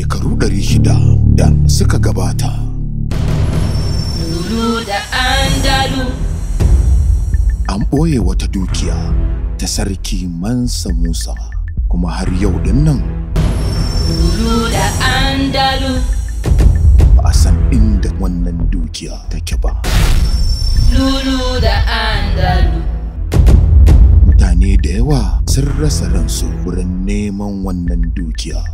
shekaru 600 da suka gabata. Lulu da Andalu An ɓoye wata dukiya ta sarki Mansa Musa kuma har yau din nan. Lulu da Andalu Ba a san inda wannan dukiya take ba. Lulu da Andalu Mutane da yawa sun rasa ransu wurin neman wannan dukiya.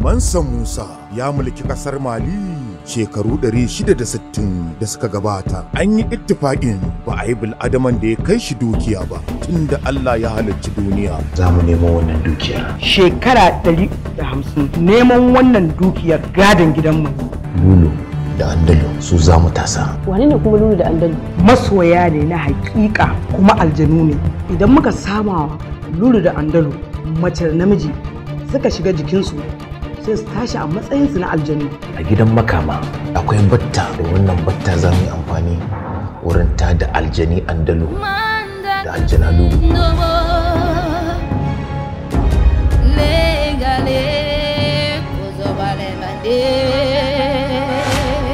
Mansa Musa ya mulki ƙasar Mali shekaru 660 da suka gabata an yi ittifaƙin ba a yi bil'adaman da ya kai shi dukiya ba tunda Allah ya halarci duniya za mu nemo wannan dukiya shekara 150 neman wannan dukiyar gadon gidanmu lulu da andalu su za mu tasa wani ne kuma lulu da andalu masoya ne na hakika kuma aljanu ne idan muka sama lulu da andalu mace da namiji suka shiga jikinsu sai su tashi a matsayinsu na aljanu a gidan makama akwai batta da wannan batta za mu yi amfani wurin ta da aljani andalu da aljana lulu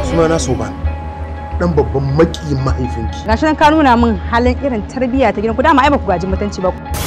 so soban dan babban maki mahaifinki gashi nan ka nuna min halin irin tarbiyya ta gidan ku dama ai ba ku gaji mutunci ba ku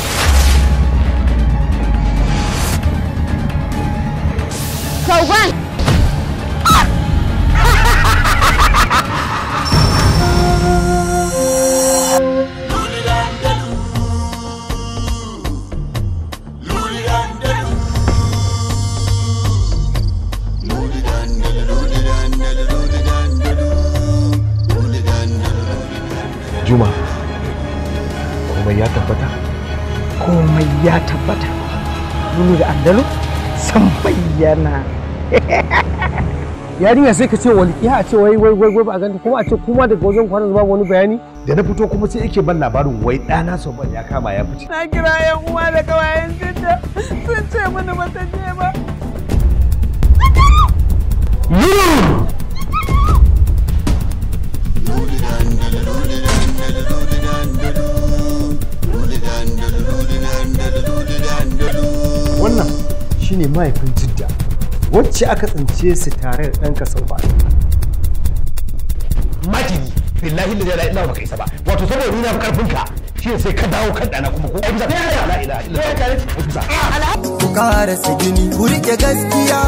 juma komai ya tabbata komai ya tabbata bulu da andalu san bayyana yarinya sai ka ce walƙiya a ce wai wai wai ba a ganta kuma a ce kuma daga wajen kwana babu wani bayani da na fito kuma sai yake ban labarin wai ɗana ban ya kama ya fice na kira yan uwa da kawayen jinta sun ce mana ba ta je ba wannan shine mahaifin jidda wacce aka tsince su tare da ɗanka sau ba majini billahi da jala ina baka isa ba wato saboda ni na fi karfin ka shi sai ka dawo kan dana kuma ko bisa la ilaha illa ah, ku kara gini ku rike gaskiya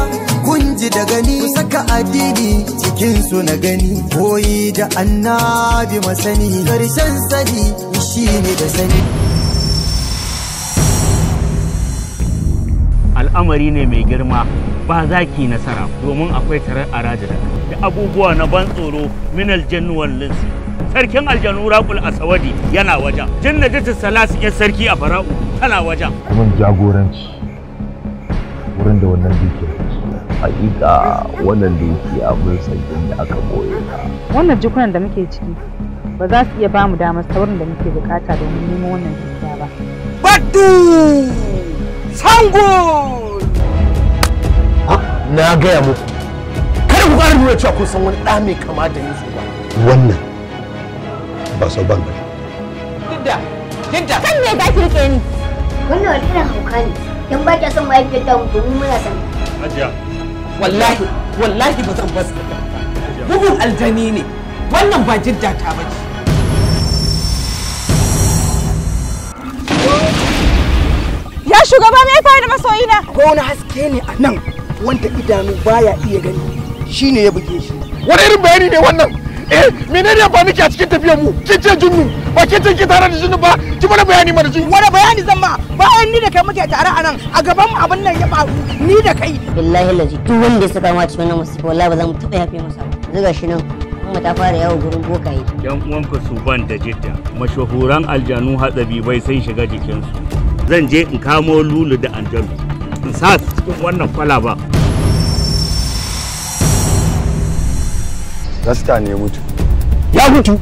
kun ji da gani ku saka addini cikin su na gani koyi da annabi masani karshen sani shine da sani al'amari ne mai girma ba za ki nasara domin akwai tarar rajada. da abubuwa na ban tsoro minal jannuwan linsi sarkin aljanu raƙul asawadi yana wajen jinnatu salas ya sarki a fara'u tana wajen kuma jagoranci wurin da wannan dukiyar hakika wannan duki mun sakin da aka boye wannan jikunan da muke ciki ba za su iya ba mu damar saurin da muke bukata domin neman wannan dukiya ba batu sango na gaya muku kada ku ƙara nuna cewa kun san wani ɗa mai kama da yanzu ba wannan ba sau ban bane didda didda kan me za ki rike ni wannan wani irin hauka ne dan ba ki son da ta domin muna san ajiya wallahi wallahi ba zan basu bugun aljani ne wannan ba jidda ta bace Ya shugaba me ya faru da masoyina? Ko wani haske ne a nan wanda idanu baya iya gani shine ya buge shi wani irin bayani ne wannan eh menene ba nake a cikin tafiyar mu kin ce junnu ba kin ce ki tare da junnu ba ki mana bayani mana junnu wani bayani zan ma bayan ni da kai muke tare a nan a gaban mu abin nan ya faru ni da kai wallahi lazi duk wanda ya saka mu a cikin wannan musibi wallahi ba za mu taba yafe masa ba zuga shi nan kuma ta fara yawo gurin bokaye yan uwanka su ban da jidda mashahuran aljanu hatsabi bai sai shiga jikinsu zan je in kamo lulu da anjalu in sa cikin wannan kwalaba Gaskiya ne mutu. Ya mutu?